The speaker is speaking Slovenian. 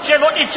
陷入一家。